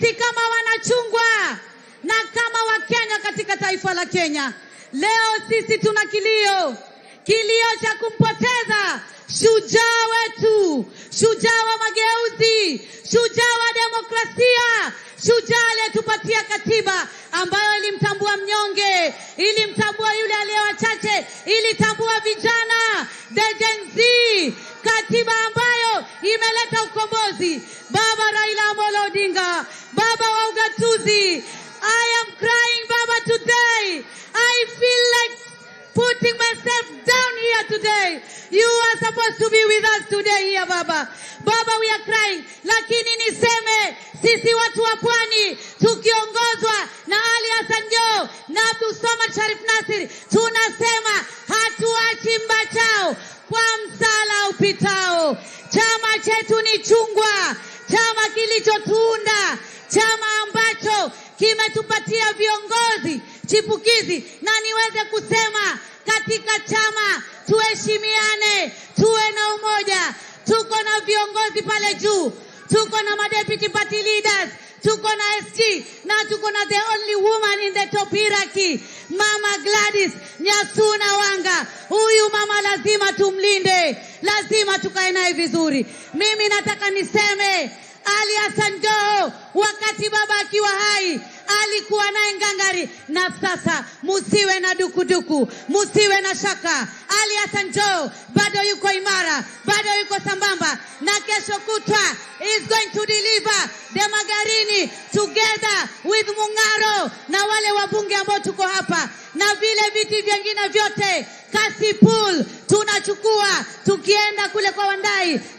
sisi kama Wanachungwa na kama Wakenya katika taifa la Kenya, leo sisi tuna kilio, kilio cha kumpoteza shujaa wetu, shujaa wa mageuzi, shujaa wa demokrasia, shujaa aliyetupatia katiba ambayo ilimtambua mnyonge, ilimtambua yule aliye wachache, ilitambua vijana the Gen Z, katiba limeleta ukombozi. Baba Raila Amolo Odinga, baba wa ugatuzi, I am crying Baba today. I feel like putting myself down here today. You are supposed to be with us today here Baba. Baba we are crying, lakini niseme sisi watu wa pwani tukiongozwa na Ali Hassan Joho na Abdul Somad Sharif Nasir tunasema hatuachi Mbachao kwa msa upitao. Chama chetu ni chungwa, chama kilichotunda, chama ambacho kimetupatia viongozi chipukizi, na niweze kusema katika chama tuheshimiane, tuwe na umoja. Tuko na viongozi pale juu, tuko na madeputy party leaders, tuko na SG na tuko na the only woman in the top hierarchy, Mama Gladys Nyasuna Wanga. Huyu mama lazima tumlinde lazima tukae naye vizuri. Mimi nataka niseme Ali Hassan Joho, wakati baba akiwa hai alikuwa naye ngangari, na sasa musiwe na dukuduku, musiwe na shaka. Ali Hassan Joho bado yuko imara, bado yuko sambamba, na kesho kutwa is going to deliver Magarini together with Mung'aro na wale wabunge ambao tuko hapa na vile viti vyengine vyote Kasipul tunachukua tukienda kule kwa Wandai.